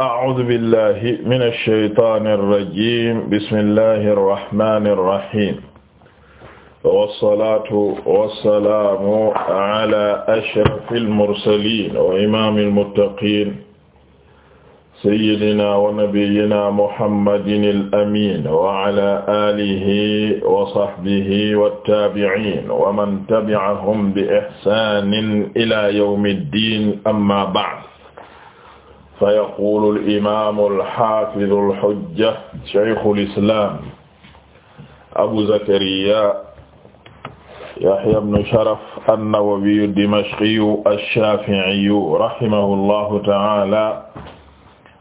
أعوذ بالله من الشيطان الرجيم بسم الله الرحمن الرحيم والصلاة والسلام على أشرف المرسلين وإمام المتقين سيدنا ونبينا محمد الأمين وعلى آله وصحبه والتابعين ومن تبعهم بإحسان إلى يوم الدين أما بعد fa yaqulu al-imaamu al-haafizu al-hujja shaykhul islaam abu zakariya yahya ibnu sharaf an-nawawiyu ad-dimashqiyu ash-shaafi'iyu rahimahullahu ta'aala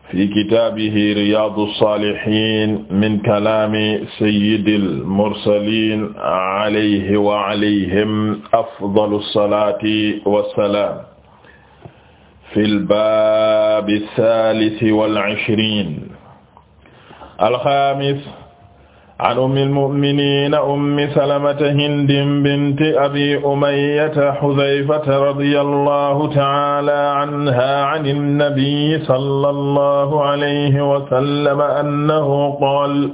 fi kitaabihi riyaadu as-saalihiin min kalaami sayyidil mursaliin alayhi wa alayhim afdalu as-salaati wa salaam fil baabi saalisi wal ishriin alxaamis an ummil mu'miniina ummi salamata hindin binti abii umayyata hudayfata radiyallaahu ta'aalaa anhaa ani nabiyyi sallallahu alayhi wa sallam annahu qaala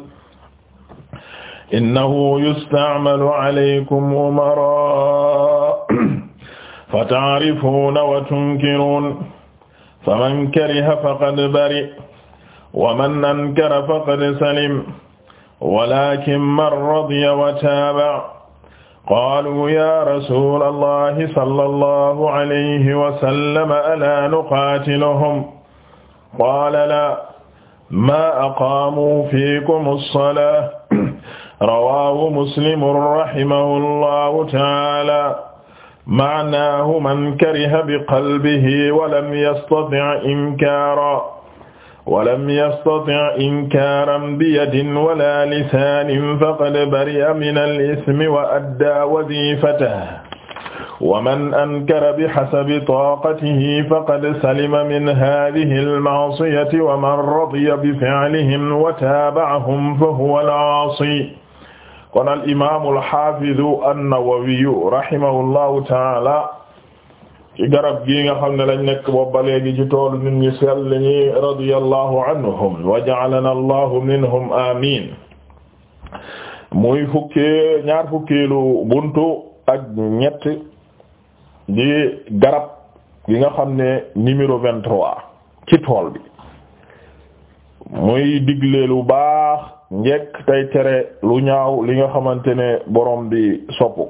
innahu yusta'malu alaykum umaraa fa taarifuuna wa tunkiruun fa man kariha faqad bari wa man ankara faqad salim walakin man radiya wa taaba qaaluu ya rasula allahi sala allahu alayhi wasallam alaa nuqaatiluhum qaala laa maa aqaamuu fiikum alsolaa rawaahu muslimun rahimahu allahu taala maanaahu man kariha biqalbihi walam yastati' inkaara walam yastati' inkaaran biyadin wala lisaanin faqad bari'a minal ismi wa addaa waziifatahu wa man ankara bihasabi taaqatihi faqad salima min haadihil ma'siyati wa man radiya bifi'lihim wa taaba'ahum fahuwal aasi kon al imaamul xaafidu an-Nawawiyu rahimahullahu taala ci garab gii nga xam ne lañ nekk boobu ba léegi ci toolu nit ñi sell ñi radiyallahu anhum wa ja'alana allahu minhum amiin muy fukkee ñaar fukkeelu buntu ak ñett di garab gi nga xam ne numéro vingt-trois ci tool bi muy digle lu baax njekk tey tere lu ñaaw li nga xamante ne borom bi sopp ko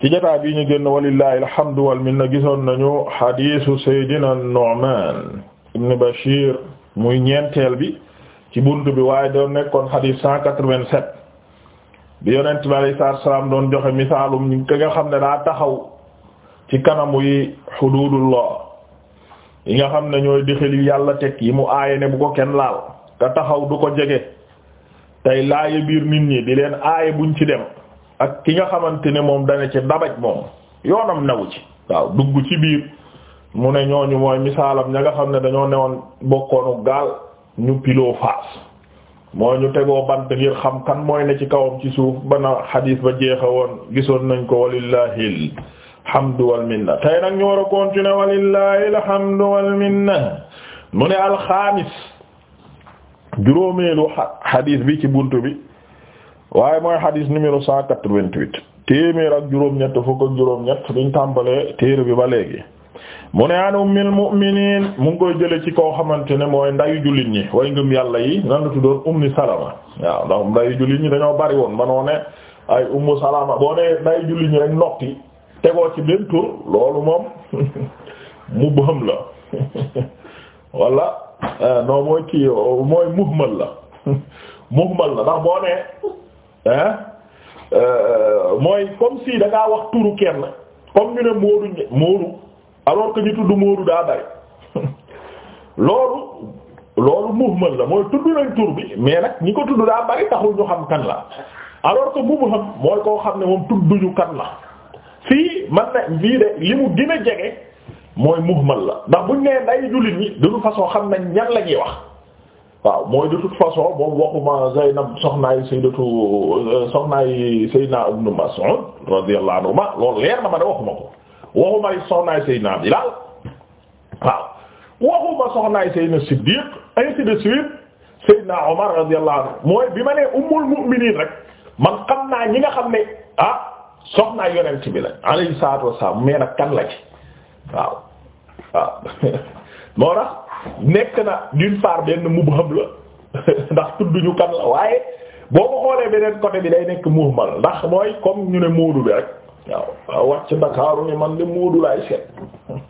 ci jotaay bi ñu génn walillahi alhamdu wal minna gisoon nañu hadiisu Seydina Nu'man ibn Bashir muy ñeenteel bi ci buntu bi waaye doon nekkoon hadiis cent quatre-vingt-sept bi yonent bi alayhi salaam doon joxe misaalum ka nga xam ne daa taxaw ci kanamu yi xuduudullah yi nga xam ne ñooy dëxel yi yàlla teg yi mu aaye ne bu ko kenn laal te taxaw du ko jege tey laaye biir nit ñi di leen aaye buñ ci dem ak ki nga xamante ne moom dana ci dabaj moom yoonam nawu ci waaw dugg ci biir mu ne ñooñu mooy misaalam ña nga xam ne dañoo newoon bokkoonu gaal ñu piloo faas mooy ñu tegoo bant ngir xam kan mooy ne ci kawam ci suuf ba na xadiis ba jeexa woon gisoon nañ ko walillaahil hamdu wal minna tey nag ñu war a continuer walillahi alhamdu wal minna mu ne alxaamis juróomeelu xadis bi ci bunt bi waaye mooy xadis numéro cent quatre-vingt-huit téeméer ak juróom-ñett fukk ak juróom-ñett biñ tàmbalee téere bi ba léegi mu ne an ummil mu'minin mu koy jële ci koo xamante ne mooy ndayu jullit ñi way ngëm yàlla yi nan tuddoon ummi salama waaw ndayu jullit ñi dañoo bari woon ba noo ay ummu salama boo ne ndayu jullit ñi rek tegoo ci benn tur loolu moom mu bëham la wala euh, non mooy kii mooy muhmal la muhmal la ndax boo nee euh, mooy kom si dagaa wax turu kenn comme ñu ne Moodu Moodu alors que ñu tudd Moodu daa bari loolu loolu muhmal la mooy tudd nañ tur bi mais nag ñi ko tudd daa bari taxul ñu xam kan la alors que mu bëham mooy koo xam ne moom tudduñu kan la. fii man na fii de li mu gën a jege mooy muhmal la ndax buñ nee day jullit ñi de toute façon xam na ñan la ñuy wax waaw mooy de toute façon moom waxuma Zaynab soxnaay sayyidatu euh, soxnaay sayyidina Ibn Mas'ud radiyallahu anhu ma loolu leer na ma de waxuma ko waxuma soxnaay sayyidina Bilal waaw waxuma soxnaay sayyidina Siddiq ainsi de suite sayyidina Omar radiyallahu anhu mooy bi ma nee ummul mu'minin rek man xam naa ñi ne ah, soxnaa yonent bi la alayhi salaatu wassalaam mais nag kan la ci waaw waaw moo tax nekk na d'une part benn mubham la ndax tudduñu kan la waaye boo xoolee beneen côté bi day nekk muhmal ndax mooy comme ñu ne Moodu bi rek waaw wàcc Ndakaaru ni man de Moodu laay seet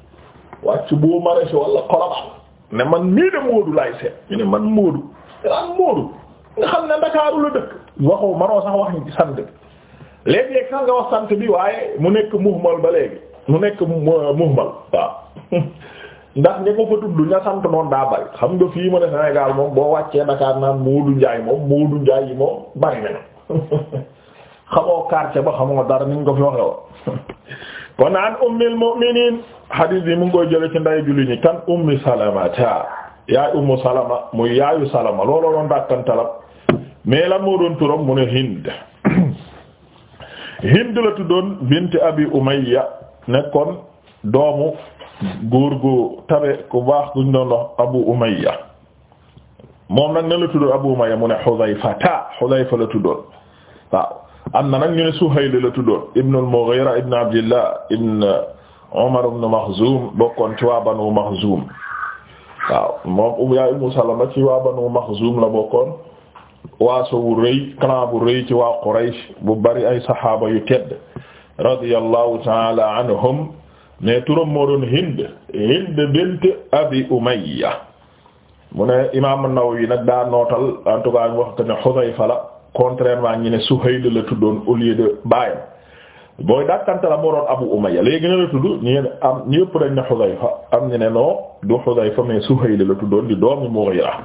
wàcc boo maraîcher wala Colobane ne man mii de Moodu laay seet ñu ne man Moodu daan Moodu nga xam ne Ndakaaru la dëkk waxoo manoo sax wax sant bi léeg-léeg sax nga wax sant bi waaye mu nekk muhmal ba léegi mu nekk muhmal waaw ndax ña ko fa tudd ña sant noonu daa bari xam nga fii ma ne Sénégal moom boo wàccee Dakar naan Moodu Njaay moom Moodu Njaay yi moom bari na xamoo quartier ba xamoo dara niñ ko fi waxe woon kon an ummil mu'minin hadith bi mu ngi koy jële ci nday julli ñi kan ummi salama ta yaay ummu salama muy yaayu salama looloo doon dàkkantalam mais la moo doon turam mu ne Hind Hind la tuddoon bint Abi Umayya nekkoon doomu góor gu tabe ku baax guñ doon wax Abu Umayya moom nag ne la tuddoon Abu Umayya mu ne Hudhayfata Hudhayfa la tuddoon waaw am na nag ñu ne Suhayl la tuddoon ibn al-Mughira ibn Abdillah ibn Umar ibn Makhzum bokkoon ci waa Banu Makhzum waaw moom yaay Umm Salama ci waa Banu la bokkoon waaso bu rëy clan bu ci waa Quraysh bu bari ay saxaaba yu tedd radiyallahu taala anhum ne turam moo doon Hind Hind bint Abi Umayya mu ne imaam nawawi nag daa nootal en tout cas wax que ne la contrairement ñi ne Suhayl la tuddoon au lieu de baayam booy dàkkante la moo doon Abu Umayya léegi na la tudd ñi ne yëpp dañ ne Hudayfa am ñu ne non du Hudayfa mais Suhayl la tuddoon di doomi Mughira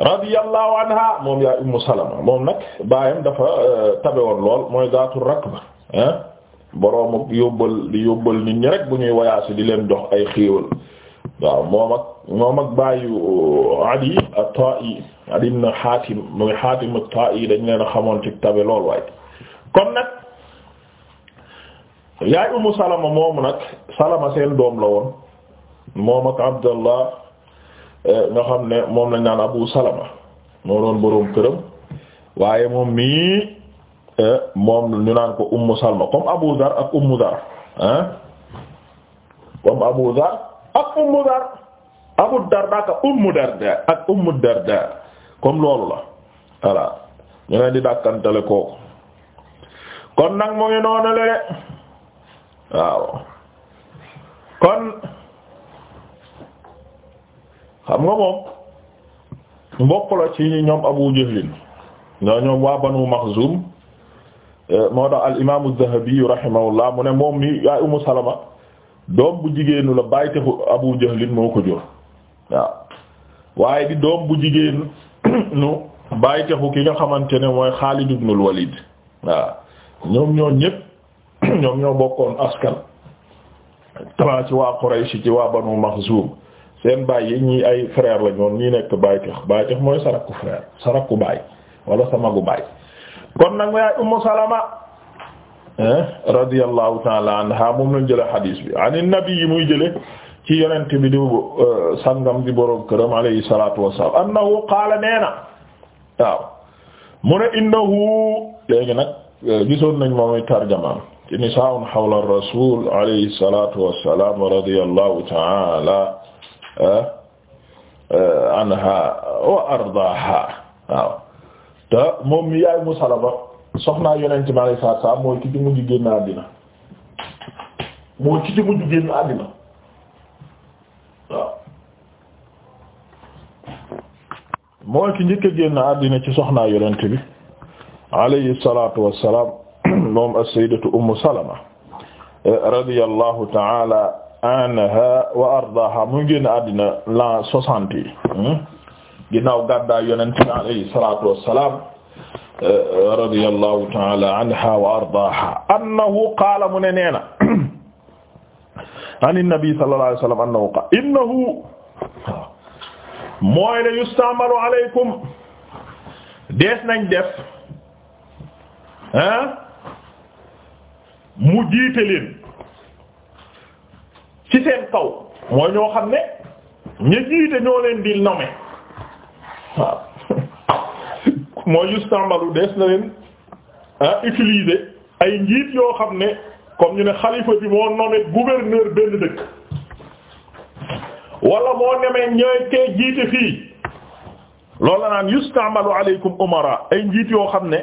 radiyallahu anha moom yaay ummu salama moom nag baayam dafa euh, tabe woon lool mooy gaatu rakba ah boroomu yóbbal di yóbbal nit ñi bu ñuy wayaasi di leen jox ay xéewal waaw moom ak moom ak baayu euh, adi at-ta'i adi ibn hatim muy hatim at-ta'i dañ leen xamoon ci tabe lool waaye kon nag yaay ummu salama moomu nag salama seen doom la moom ak abdallah nga xam ne moom lañ naan Abu Salama moo doon boroom këram waaye moom mii eh, moom ñu naan ko Ummu Salma comme Abu Dar ak Ummu Dar ah comme Abu Dar ak Ummu Dar Abu ak Ummu Darda ak comme loolu la voilà ñu leen di dàkkantale kooku kon nag mu ngi noonu le waaw kon xam nga moom mbokk la ci ñoom Abu Jahlin ñoo ñoom waa Banu Maxzum eh, moo tax al imaamu az-Zahabi rahimahullah mu moom mi yaay Umu Salama doom bu jigéenu la bàyyi texu Abu Jahlin moo ko jur waaw waaye di doom bu jigéen bàyyi texu ki nga xamante ne mooy Xaalid ibnul Walid waaw ñoom ñoo ñépp ñoom ñoo bokkoon askan tamit ci waa Quraysh ci waa Banu Maxzum seen baay yi ni ay frère la ñoon ñii nekk baay tex baay tex mooy saraku frère saraku baay wala sa magu baay kon nag ma yaay ummu salama radiyallahu taala anha moom lañ jële xadiis bi an muy jële ci yonent bi di euh, sangam di boroom këram alayhi salatu wassalam annahu qaala nee na mu ne innahu léegi nag euh, gisoon nañ moomuy tarjamaam ci nisaa'un hawla rasul alayhi taala Uh, anha wa ardaaha waaw moom mi yaay mu Salama soxnaa yonente bi alayhi salaatu salaam mooy ki ci mujj génn àddina mooy ki ci mujj génn àddina waaw mooy ki njëkk a génn àddina ci soxnaa yonente bi alayhi salaatu wassalaam moom as-sayyidatu Umm Salama uh, radiyallahu ta'ala anha wa ardaha mu ngi génn àddina l'an soixante yi hmm? ginnaaw gàddaay yonent bi alayhi salatu wassalam euh, radiyallahu ta'ala anha wa ardaha annahu qaala mu ne neena an nabi sallallahu alayhi wasallam annahu qaala innahu mooy ne yustamalu alaykum dees nañ def ah mu jiite leen kaw mooy ñoo xam ne ñi jiite ñoo leen di nommer waaw mooy yustamalu dees na leen ah ay njiit yoo xam ne kom ñu ne xalifa bi moo nommé gouverneur benn dëkk wala moo nemee ñooy kee jiite fii loolu naan yustamalu aleykum umara ay njiit yoo xam ne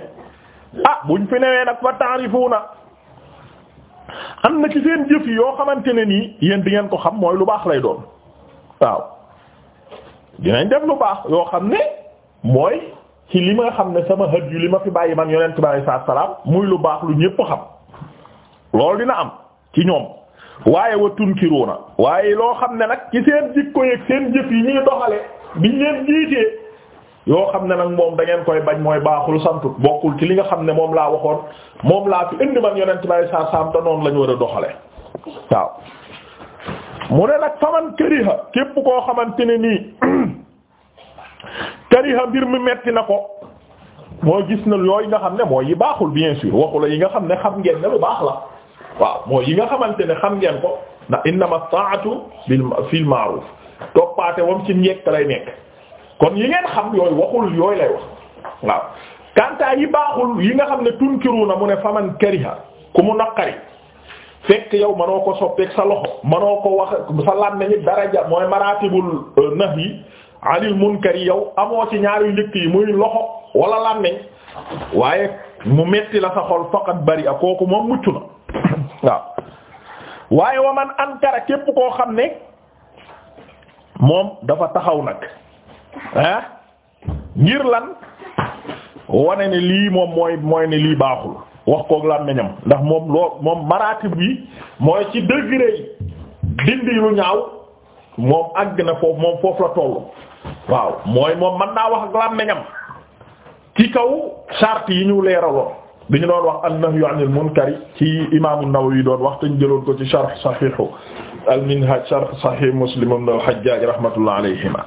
ah buñ fi newee nag fa taarifuuna am na ci seen jëf yi yoo xamante ne nii yéen bi ngeen ko xam mooy lu baax lay doon waaw dinañ def lu baax yoo xam ne mooy ci li ma xam ne sama hëj yu li ma fi bàyyi man yonent bi saa salaam muy lu baax lu ñépp xam loolu dina am ci ñoom waaye wa tunkiruuna waaye loo xam ne nag ci seen jikko yeeg seen jëf yi ñuy doxale biñ leen jiitee yoo xam ne nag moom da ngeen koy bañ mooy baaxul santut bokkul ci li nga xam ne moom laa waxoon moom laa fi indi man yeneen bay saa saam te noonu la ñu war a doxale waaw mu ne nag koo xamante ne nii këriha mbir mi metti na ko mooy gis na yooyu nga xam ne mooy yi baaxul bien sûr yi nga xam ne xam ngeen ne lu baax la waaw mooy yi nga xamante ne xam ngeen ko ndax innama ta'atu bil fil ma'ruf toppaate wam ci njekk lay nekk kon yi ngeen xam yooyu waxul yooyu lay wax waaw kantaa yi baaxul yi nga xam ne tunkiru na mu ne faman kariha ku mu naqari fekk yow manoo ko soppeek sa loxo mënoo ko wax sa làmmiñ daraja mooy maratibul euh, nahyi anil yow amoo ci ñaari njëkk yi muy loxo wala làmmiñ waaye mu metti la sa xol faqat bari a kooku moom mucc na waaw waaye wa man ankara képp koo xam ne moom dafa taxaw nag ah ngir lan wane ne lii moom mooy mooy ne lii baaxul wax koog làmmiñam ndax moom loo moom maraatib bi mooy ci degré yi dindi lu ñaaw moom àgg na foofu moom foofu la tollu waaw mooy moom man naa wax ak làmmiñam ci kaw charte yi ñu leeraloon bi ñu doon wax an-nahyu anil munkari ci imaamu Nawawi doon wax te ñu jëloon ko ci sharh sahihu al-minhaj sharh sahih Muslim ibn al-Hajjaj rahmatullah alayhima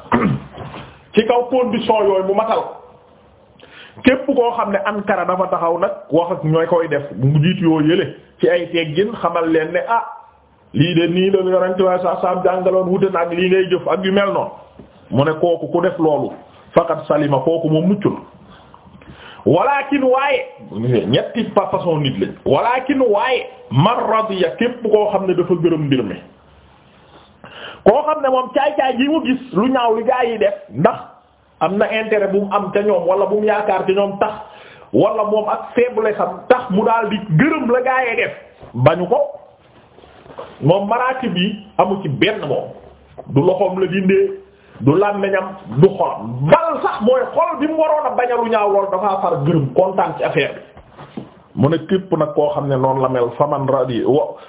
ci kaw condition yooyu mu matal képp koo xam ne ankara dafa taxaw nag wax ak ñooy koy def mu jiit yoo yële ci ay teggin xamal leen ne ah lii de nii la yonent waaye sa saam jàngaloon wute na ak lii ngay jëf ak yu mel noonu mu ne kooku ku def loolu faqat salima kooku moom muccul walakin waaye ñetti façon nit lañ walakin waaye man radiya képp koo xam ne dafa gërëm mbir mi koo xam ne moom caay-caay gi mu gis lu ñaaw li gaa yi def ndax am na intérêt bu mu am ca ñoom wala bu mu yaakaar ca ñoom tax wala moom ak faiblesse am tax mu daal di gërëm la gaa yi def bañu ko moom maraatib yi amu ci benn moom du loxoom la dindee du làmmiñam du xolam bal sax mooy xol bi mu waroon a bañalu ñaaw lool dafaa far gërëm kontaan ci affaire bi mu ne képp nag koo xam ne noonu la mel faman radi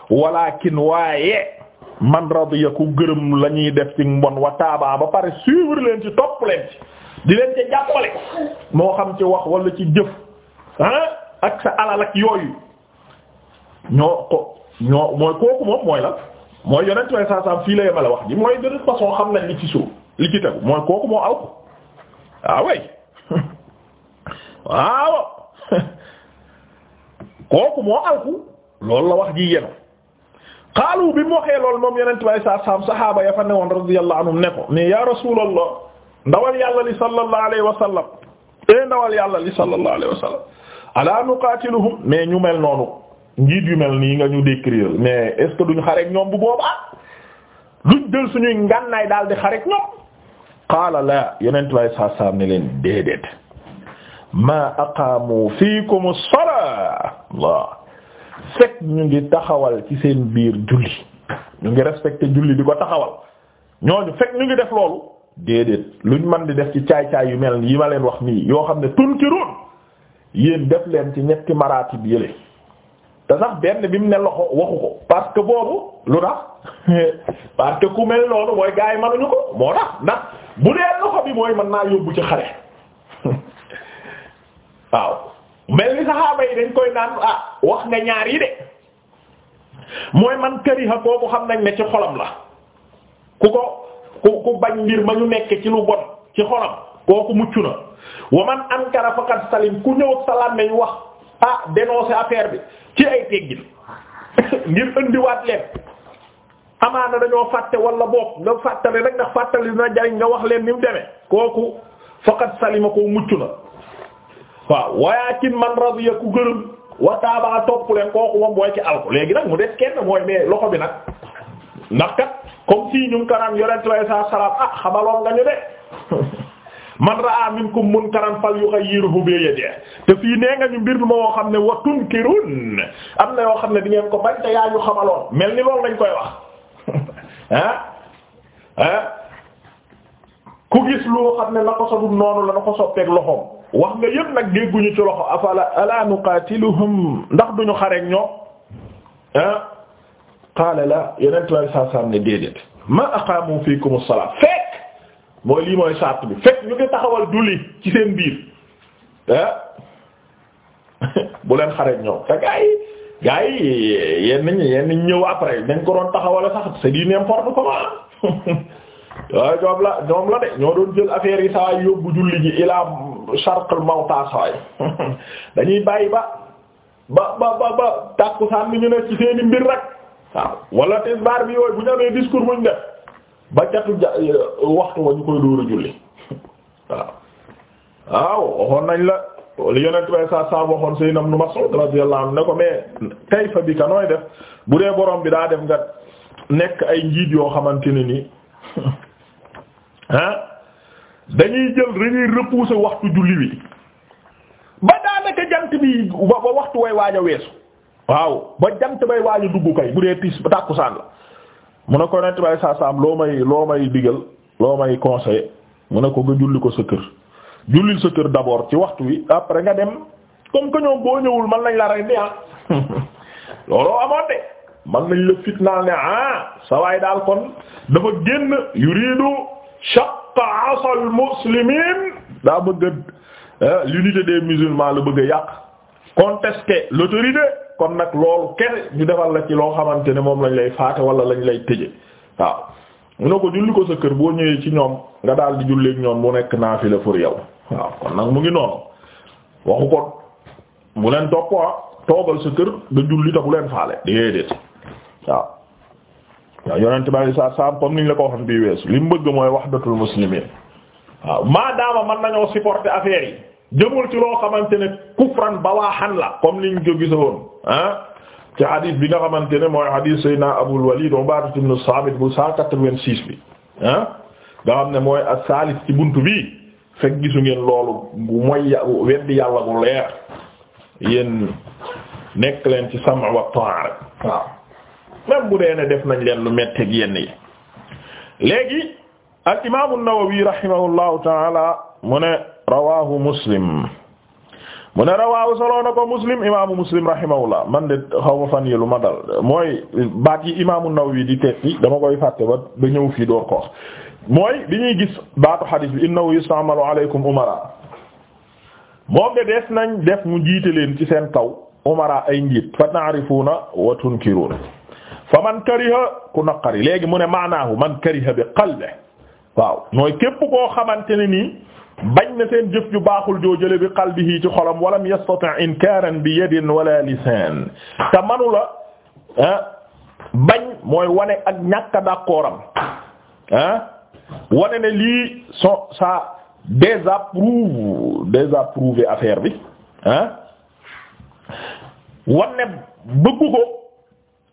walakin waaye man radiya ku gërëm la ñuy def ci mbon wa taaba ba pare suivre leen ci topp leen ci di leen ci jàppale moo xam ci wax wala ci jëf ah ak sa alal ak yooyu ñoo ko ñoo mooy kooku moom mooy la mooy yonent way saasaam fii la yemale wax ji mooy de toute façon xam nañ li ci suuf li ci tegu mooy kooku moo aw ko ah waaw way waaw kooku moo alku loolu la wax ji yenu xaalu bi mu waxee lool moom yonent bi saa saxaaba ya fa newoon radiyallahu anhum ne ya rasulallah ndawal yàlla li sallallahu alayhi wa sallam eh ndawal yàlla li sallallahu alayhi wa sallam ala nuqatiluhum mais ñu mel noonu njiit yu mel ni nga ñu décrire mais est ce que duñ xareek ñoom bu boobaa luñ jël suñuy daal di xareek ñoom. qaala la yonent bi saa saam leen déedéet ma aqaamu fiikum as fekk ñu ngi taxawal ci seen biir julli ñu ngi respecté julli di ko taxawal ñooñu fekk ñu ngi def loolu déedéet luñ mën di def ci caay-caay yu mel yi ma leen wax nii yoo xam ne tunkiroon yéen def leen ci ñetti maraatib yële te sax benn bi mu ne loxo waxu ko parce que boobu lu tax parce ku mel loolu mooy gaa yi manuñu ko moo tax ndax bu dee loxo bi mooy mën naa yóbbu ci xare waaw mel ni saxaaba yi dañ koy naan ah wax nga ñaar yi de mooy man kariha kooku xam nañ ne ci xolam la ku ko ku ku bañ mbir ma ñu nekk ci lu bon ci xolam kooku mucc na wa man ankara faqad salim ku ñëw salaam nañ wax ah dénoncer affaire bi ci ay teggin ngir indiwaat leen amaana dañoo fàtte wala boog nga fàttali rek ndax fàttali dina jariñ nga wax leen ni mu kooku faqad salima ko mucc na waaw wayaakin man radiya ku gërëm wa taaba topp leen kooku moom léegi nag mu des kenn mooy mais loxo bi nag ndax kat comme si ñu ngi ko naan yonent lay saa salaam ah xamaloon nga ñu de man ra'a minkum munkaran falyughayyirhu bi yadihi te fii nee nga ñu mbir ma woo xam ne wa tunkirun am na yoo xam ne di ngeen ko bañ te yaa ñu xamaloon mel ni loolu lañ koy wax ah ah ku gis loo xam ne na ko sa noonu la na ko soppeek loxoom. wax nga yëpp nag dégguñu ci loxo afala ala nuqatiluhum ndax duñu xareek ñoom ah la yeneen lay saa saam ne déedéet ma aqaamu fiikum as fekk mooy lii mooy sart bi fekk ñu ngi taxawal julli ci seen biir ah. bu leen xareek ñoom te gaa yi yenn ñi yenn ñëw après dañ ko doon taxawal sax c'est ñoom la ñoom la de ñoo doon jël affaire yi saa yóbbu julli ji ilaa charqal mawta dañuy bàyyi ba ba ba ba ba tàkkusaan bi ñu ne ci seeni mbir rek waaw wala tisbaar bi yooyu bu ñu amee discours buñ def ba catu ja eh, waxtu wa ñu koy dóor julli waaw waxoon nañ la li yonent bay sa sa waxoon sëy nam nu Mas'ud radiyallahu anhu ne ko mais kayfa bi ka nooy def bu dee borom bi daa def nga nekk ay njiit yoo xamante ne nii ah dañuy jël dañuy repousser waxtu julli wi ba daanaka jant bi ba waxtu way waaj a weesu waaw ba jant bay waaj a dugg kay bu dee tis tàkkusaan la mu ne ko nett bay saa am loo may loo may digal loo may conseil mu ne ko nga julli ko sa kër jullil sa kër d'abord ci waxtu wi après nga dem comme que ñoom boo ñëwul man lañ la rey di ah looloo amoon de man lañ la fitnaal ne ah sa waay daal kon dafa génn yuridu shaq shaqqa asal muslimin daa bëgg a eh, l'unité de musulmans la bëgg a yàq contester l'autorité kon nag loolu kenn ñu defal la ci loo xamante ne moom lañ lay faate wala lañu lay tëje waaw mu ne ko julli ko sa kër boo ñëwee ci ñoom nga daal di julleek ñoom mu nekk naa naafila pour yow waaw kon nag mu ngi noonu waxu ko bu leen topp ah, toogal sa kër nga julli ta bu leen faale déedéet waaw waaw yonent bi saa saam comme niñ la ko waxoon bii weesu li mu bëgg mooy wahdatul muslimin waaw maadaama man nañoo supporter affaire yi jëmul ci loo xamante ne kufran bawaaxan la comme niñ ko gisoon ah ci hadith bi nga xamante ne mooy hadith Seydina Abul Walid Ubaadatu ibn Saamit bu 186 bi ah nga xam ne mooy as-saalis ci buntu bi fekk gisu ngeen loolu mooy weddi yàlla bu leer yéen nekk leen ci sam' wa ta'a waaw. même bu dee ne def nañ leen lu metti ak yenn yi léegi al imaamu Nawawi rahimahullahu taala mu ne rawahu muslim mu ne rawahu soloo na ko muslim imaamu muslim rahimahullah man de xaw ma fan yi lu ma dal mooy baat yi imaamu Nawawi di tekki dama koy fàtte ba ñëw fii door ko mooy bi ñuy gis baatu xadiis bi innahu yustamalu aleykum umara moom de des nañ def mu jiite leen ci seen kaw umara ay njiit fa ta'rifuna wa tunkiruna fa man kariha ku naqari léegi mu ne maanaahu man kariha bi qalbi waaw mooy képp koo xamante ne nii bañ na seen jëf ju baaxul joo jële bi qalbihi ci xolam walam yastati' inkaran bi yadin wala lisaan te manu la ah, bañ mooy wane ak ñàkk d'accord am ah wane ne lii son ça désapprouve désapprouve affaire bi ah wane bëggu ko.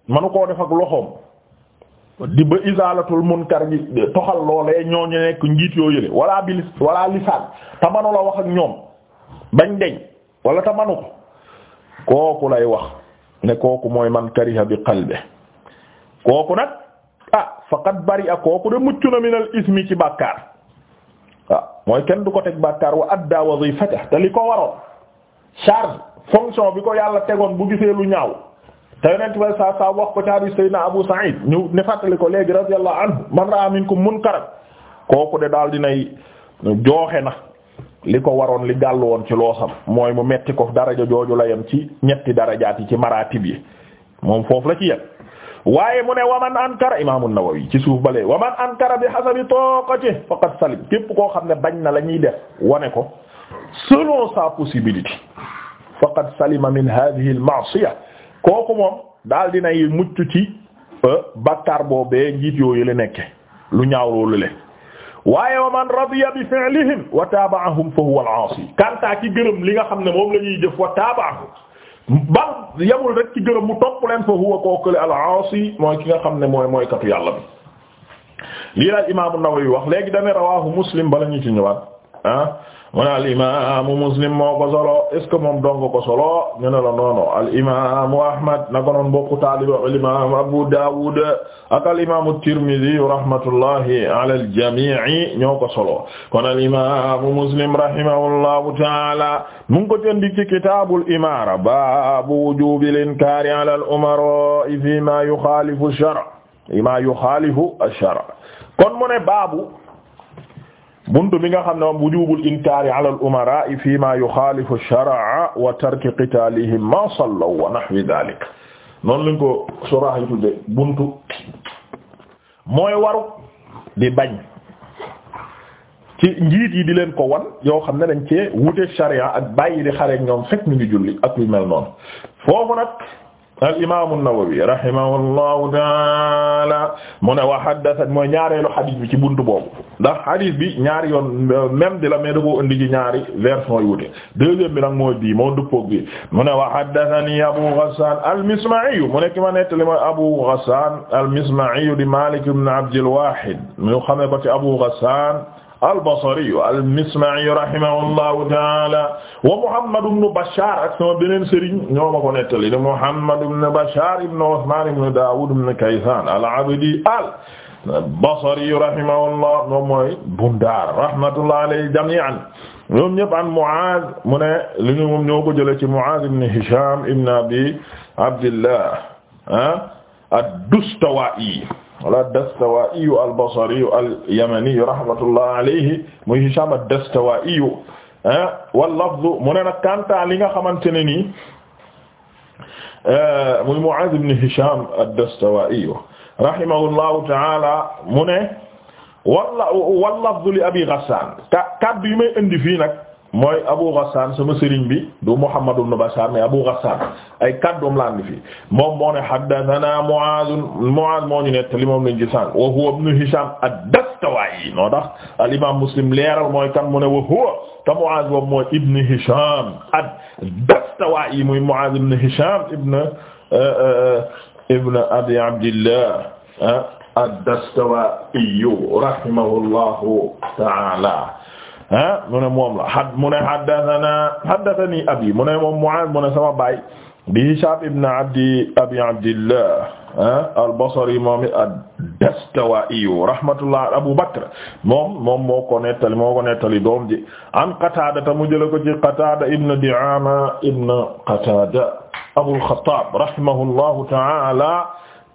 manu koo def ak loxoom di ba izalatul munkar gi toxal loolee ñooñu nekk njiit yoo yële wala bilis wala lisaan te la wax ak ñoom bañ deñ wala te ko kooku lay wax ne kooku mooy man kariha bi qalbi kooku nag ah faqad bari a kooku de muccu na minal ismi ci bàkkaar waaw mooy kenn du ko teg bàkkaar wa adda wazifata te li ko waroon charge fonction bi ko yàlla tegoon bu gisee lu ñaaw te yonent bi saa saa wax ko ci hadith Seydina Abu Sa'id ñu ne fàttali ko léegi radiyallahu anhu man ra'a mun munkaran kooku de daal dinay jooxe na li ko waroon li gàll woon ci loosam mooy mu metti ko daraja jooju la yem ci ñetti darajaat yi ci maratib yi moom foofu la ci yem waaye mu ne waman ankara imam an-Nawawi ci suuf balee waman ankara bi hasabi taqati faqad salim képp koo xam ne bañ na la ñuy def wone ko selon sa possibilité faqad kooku moom daal dinay mucc ci euh, bakkaar boobee njiit yooyu la nekke lu ñaaw loolu le waaye wa man radiya bi fi'lihim wa taaba'ahum fa huwa al-aasi kantaa ci gërëm li nga xam ne moom la ñuy jëf wa taaba'ahum bal yamul rek ci gërëm mu topp leen fa huwa kookale al-aasi mooy ki nga xam ne mooy mooy yàlla bi lii daal imaamu Nawawi wax léegi damay rawaahu muslim bala ñu ci ñëwaat ah. mu ne alimamu muslim moo ko solo est ce que moom dong ko solo ñu ne la noono alimamu ahmad nako noon bokku taalib alimamu abu dawud ak alimamu tirmidhi rahmatullahi ala aljamii ñoo ko solo kon alimamu muslim rahimahullahu taala mu ngi ko jëndi ci kitabul imara babu wujubil inkari ala al umara fi ma yukhalifu ash-shar' ma yukhalifu ash-shar' kon mu ne baabu buntu bi nga xam ne moom wujubul inkaari ala al umara'i fi ma yuxaalifu shara'a wa tarki qitaalihim ma sallaw wa nahwi dhalik noonu lañ ko surah yi tudde buntu mooy waru di bañ ci njiit yi di leen ko wan yoo xam ne dañ cee wute sharia ak bàyyi di xare ñoom fekk ñu ngi julli ak lu mel noonu foofu nag al imaamu Nawawi rahimahullahu taala mu ne wa haddatha mooy ñaareelu xadis ci buntu boobu ndax xadis bi ñaari yoon même di la mais da koo indi ci ñaari version yu wute deuxième bi nag mooy bi mu wax wa haddathani Abu Ghassan al-Misma'i mu ne ki ma nettali mooy Abu Ghassan al-Misma'i di Malik ibn Abd al-Wahid ko Abu Ghassan al-Basriyu al-Misma'iyu rahimahullahu ta'ala wa Muhammad ibn Bashar ak sama beneen sëriñ ñoo ma ko nettali ne Muhammad ibn Bashar ibn Usman ibn Dawud ibn Kaysan al-Abdi al-Basriyu rahimahullah moom mooy Bundar rahmatullahi alayhi jami'an ñoom ñëpp an Mu'aaz mu ne li ñu moom ñoo ko jëlee ci Mu'aaz ibn Hisham ibn Abi Abdillah ah, ad-Dustawaa'i wala ad-Dastuwaa'iyu al-Basriyu al-Yamaniyu rahmatullahi alayhi muy Hishaam ad-Dastuwaa'iyu ah, wal lafzu mu ne nag kanta li nga xamante ne nii eh, muy Mu'aaz ibn Hishaam ad-Dastuwaa'iyu rahimahullahu ta'aala mu ne wala wal lafzu li Abi Ghassaan kaddu yi may indi fii nag. mooy Abu Ghassan sama sëriñ bi du Muhammad ibn Bashar mais Abu ay kaddoom laan bi fii moom moo ne haddathana Mu'az Mu'az moo ñu nettali moom lañ Hisham ad-Dastawaayi noo al-Imam Muslim leeral mooy kan mu ne wa huwa te Mu'az boobu mooy ibn Hisham ad-Dastawaayi muy Mu'az ibn Hisham ibn eh, eh, ibn Abi Abdillah eh, ad-Dastawaayi rahimahullahu ta'ala ah mu ne moom la had mu ne haddathana haddathani abi mu ne moom Mu'aaz mu ne sama baay bi Hishaam ibn abdi abi abdillah al-Basri moom ad-Dastuwaa'i rahmatullah Abu Bakr moom moom moo ko nettali moo ko nettali doom ji an Qataada ta mu jële ko ci Qataada ibn Di'aama ibn Qataada Abul Khattaab rahimahullahu ta'aala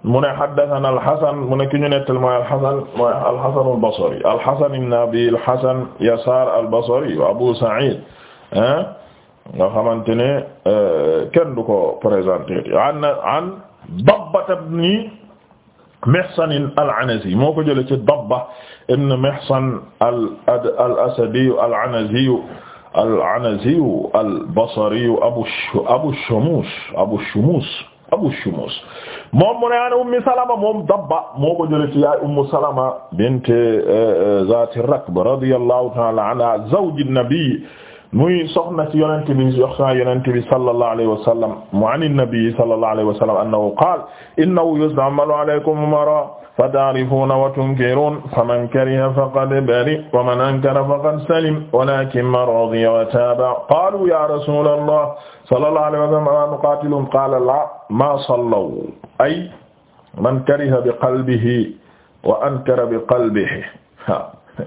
mu ne haddathana al-Hasan mu ne ki ñu nettal mooy al-Hasan mooy al-Hasan al-Basri al-Hasan ibn Abi al-Hasan Yasaar al-Basri wa Abu Sa'id ah, nga xamante ne eh, kenn du ko présenté an an Dabba ibn Mihsan al-Anazi moo ko jëlee ci Dabba ibn Mihsan al-Asadi al-Anazi al-Anazi al-Basri Abu Abu Shumush Abu Shumush Abu Shumus moom mu ne an Ummi Salama moom dabba moo ko jëlee ci yaay Ummu Salama bint eh, eh, Zaati Rakb radiyallahu ta'ala anha zawj an-nabi muy soxna ci yonent bi soxna yonent bi sallallahu alayhi wa sallam mu an nabi sallallahu alayhi wa sallam annahu qaala innahu yusta'malu alaykum umara fata'rifuna wa tunkirun faman kariha faqad bari wa man ankara faqad salim walakin man radiya wa taba qalu ya rasulallah sallallahu alayhi wa sallam ala nuqatilum qala la ma sallaw ay man kariha bi qalbihi wa ankara bi qalbihi ha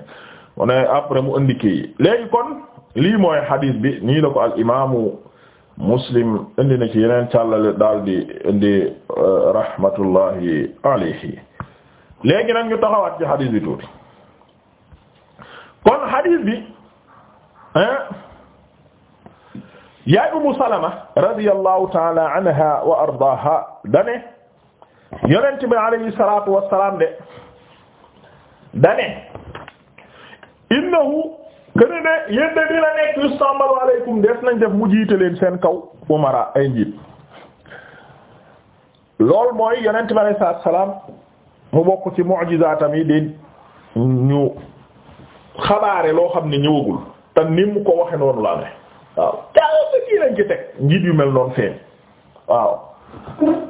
mu ne après mu indiqué léegi kon lii mooy xadiis bi nii la ko al imaamu muslim indi na ci yeneen càllale daal di euh, taxawaat ci bi tuuti kon xadiis bi yaay umu salama radiyallahu taala anha wa ardaaha dane yonent bi alayhi salaatu wassalaam de dane innahu këne de yéen de dina nekk yustamalu aleykum des nañ def mu jiite leen seen kaw umara ay njiit loolu mooy yonent bi alayhi salaam mu bokk ci mu'jizaatam yi di ñu xabaare loo xam ne ñëwagul te ni mu ko waxe noonu la amee waaw caa kii lañ ci teg njiit yu mel noonu feeñ waaw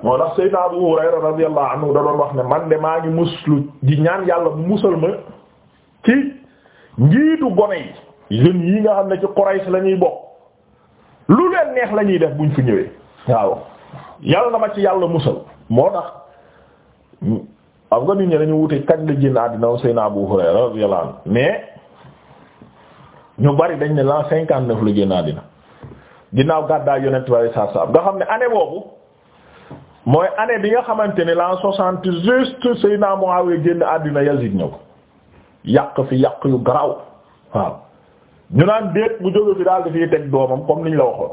moo tax Seydina Abu Hurayra radiyallahu anhu da doon wax ne man de maa ngi muslu di ñaan yàlla mu musal ma ci njiitu gone yi jeunes yi nga xam ne ci Quraysh la bokk lu leen neex la ñuy def buñ fi ñëwee waaw yàlla na ma ci yàlla musal moo tax xam nga nit ñi dañu wute kañ la génn àddina Seydina Abu Hurayra radiyallahu mais ñu bari dañ ne la cinquante neuf la génn àddina ginnaaw gàddaay yonent bi saa saa nga xam ne année boobu mooy année bi nga xamante ne l'an soixante juste mu Muawiya génn àddina Yazid ñëw. yàq fi yàq yu garaaw waaw ñu naan déet mu jóge fi daal dafay teg doomam comme niñ la waxoon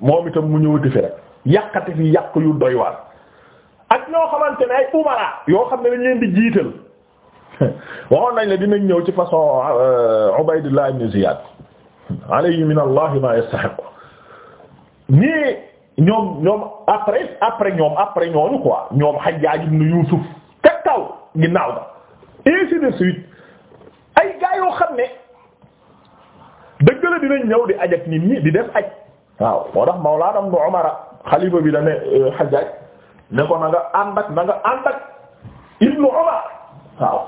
moom itam mu ñëw fi rek yàqati fi yàq yu doy waar ak ñoo xamante ne ay umara yoo xam ne dañ leen di jiital waxoon nañ la dinañ ñëw ci façon euh, Ubaydullah ibn Ziyad alayhi min Allah ma yastahiq ñii ñoom ñoom après après ñoom après ñooñu quoi ñoom Hajjaj ibn Yusuf teg taw ginnaaw ba ainsi de suite yoo xam ne dëgg la dinañ di aj ni nit di def aj waaw moo tax Mawlaana Ibnu Umar xalifa bi da ne euh, Hajjaaj ne ko na nga ànd ak na Ibnu Umar waaw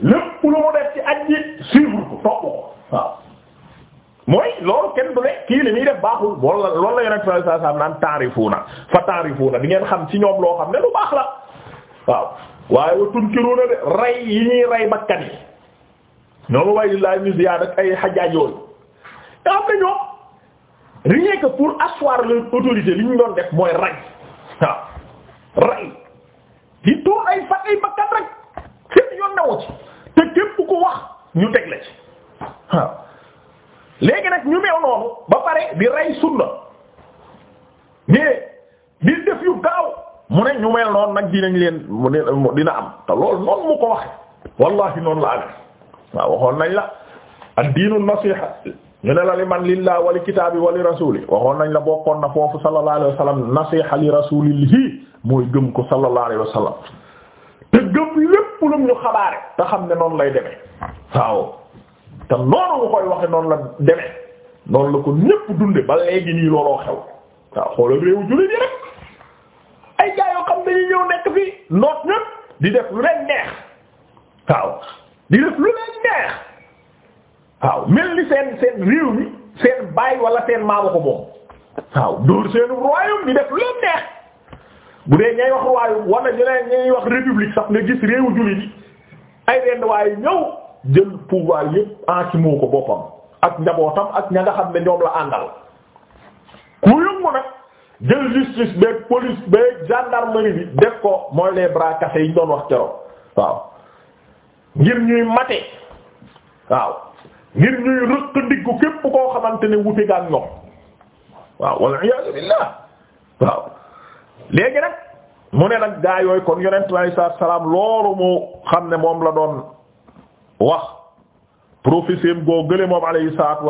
lépp lu mu def ci aj ji suivre ko topp waaw mooy loolu kenn du ne kii li muy def baaxul loolu la loolu la Yonent naan taarifuuna fa taarifuuna di ngeen xam ci ñoom loo xam ne lu baax la waaw waaye wa tunkiruuna de rey yi ñuy rey bakkan yi ñoom Ubaydillah ibn Ziyad ak ay Hajjaj yooyu te am na ñoom rien que pour asseoir leur autorité li ñu doon def mooy rey waaw rey di tour ay fat ay bakkat rek seen yoon nawo ci te képp ko wax ñu teg la ci waaw nag ñu meew noonu ba pare di rey sunna mais di def yu gaaw mu ne ñu mel noonu nag dinañ leen mu ne dina am te loolu noonu mu ko waxe wallahi noonu la amee waaw waxoon nañ la ad-diinu nasiha ñu ne la li man lillah wali kitaabi wali rasuli waxoon nañ la bokkoon na foofu sallallahu alayhi wa sallam nasiha li rasulihi mooy gëm ko sallallahu alayhi wa te gëm lépp lu xabaare te xam ne noonu lay demee waaw te noonu nga koy waxe la demee noonu la ko ñépp dunde ba léegi nii looloo xew waaw xoolal réewu jullit yi rek ay gaa yoo xam dañuy ñëw nekk fii noot ñépp di def lu leen neex waaw di def lu leen neex waaw mel ni seen seen réew mi seen baay wala seen maama ko moom waaw dóor seen royaume di def lu leen neex bu dee ñay wax royaume wala ñu wax république sax nga gis réewu jullit yi ay rend waaye ñëw jël pouvoir yépp enquimoo ko boppam ak njabootam ak ña nga xam ne ñoom la àndal ku yëngu nag jël justice beeg police beeg gendarmerie bi def ko mooy les bras cassés yi ñu doon wax keroog waaw ngir ñuy mate waaw ngir ñuy rëq diggu képp koo xamante ne wute gaan ñoom waaw walla iyaazu billaah waaw léegi nag mu ne nag gaa yooyu kon yonent bi saa salaam loolu mu xam ne moom la doon wax prophétie goo gële moom alayhi salaatu